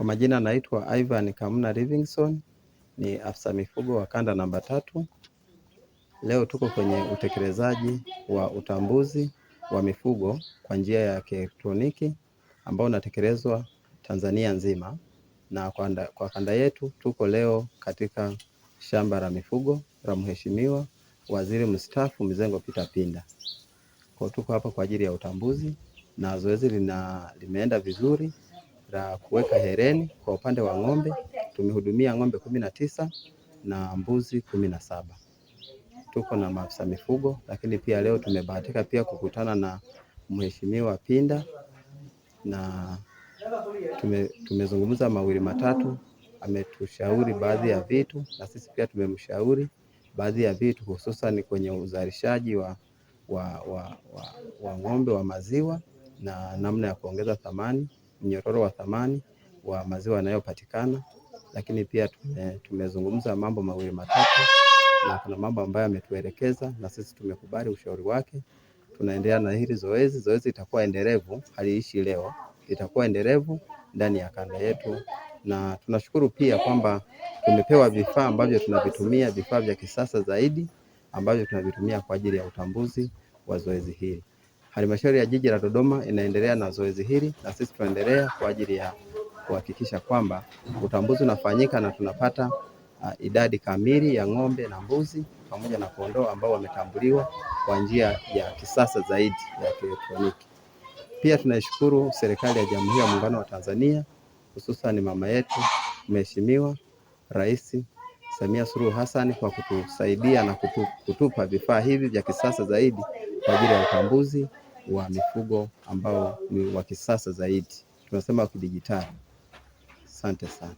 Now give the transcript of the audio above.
Kwa majina naitwa Ivan Kamuna Livingstone, ni afisa mifugo wa kanda namba tatu. Leo tuko kwenye utekelezaji wa utambuzi wa mifugo kwa njia ya kielektroniki ambao unatekelezwa Tanzania nzima na kwa, anda, kwa kanda yetu tuko leo katika shamba la mifugo la Mheshimiwa Waziri Mstaafu Mizengo Peter Pinda. Kwa tuko hapa kwa ajili ya utambuzi na zoezi lina, limeenda vizuri la kuweka hereni kwa upande wa ng'ombe. Tumehudumia ng'ombe kumi na tisa na mbuzi kumi na saba. Tuko na maafisa mifugo, lakini pia leo tumebahatika pia kukutana na Mheshimiwa Pinda na tume, tumezungumza mawili matatu. Ametushauri baadhi ya vitu na sisi pia tumemshauri baadhi ya vitu, hususan kwenye uzalishaji wa, wa, wa, wa, wa ng'ombe wa maziwa na namna ya kuongeza thamani mnyororo wa thamani wa maziwa yanayopatikana, lakini pia tumezungumza mambo mawili matatu, na kuna mambo ambayo ametuelekeza na sisi tumekubali ushauri wake. Tunaendelea na hili zoezi. Zoezi itakuwa endelevu, haliishi leo, itakuwa endelevu ndani ya kanda yetu, na tunashukuru pia kwamba tumepewa vifaa ambavyo tunavitumia, vifaa vya kisasa zaidi ambavyo tunavitumia kwa ajili ya utambuzi wa zoezi hili. Halmashauri ya Jiji la Dodoma inaendelea na zoezi hili na sisi tunaendelea kwa ajili ya kuhakikisha kwamba utambuzi unafanyika na tunapata uh, idadi kamili ya ng'ombe na mbuzi pamoja na kondoo ambao wametambuliwa kwa njia ya kisasa zaidi ya kielektroniki. Pia tunaishukuru serikali ya Jamhuri ya Muungano wa Tanzania, hususan mama yetu Mheshimiwa Rais Samia Suluhu Hassan kwa kutusaidia na kutu, kutupa vifaa hivi vya kisasa zaidi kwa ajili ya utambuzi wa mifugo ambao ni wa kisasa zaidi, tunasema wa kidijitali. Asante sana.